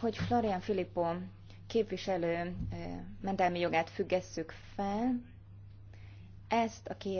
hogy Florian Filippo képviselő mentelmi jogát függesszük fel. Ezt a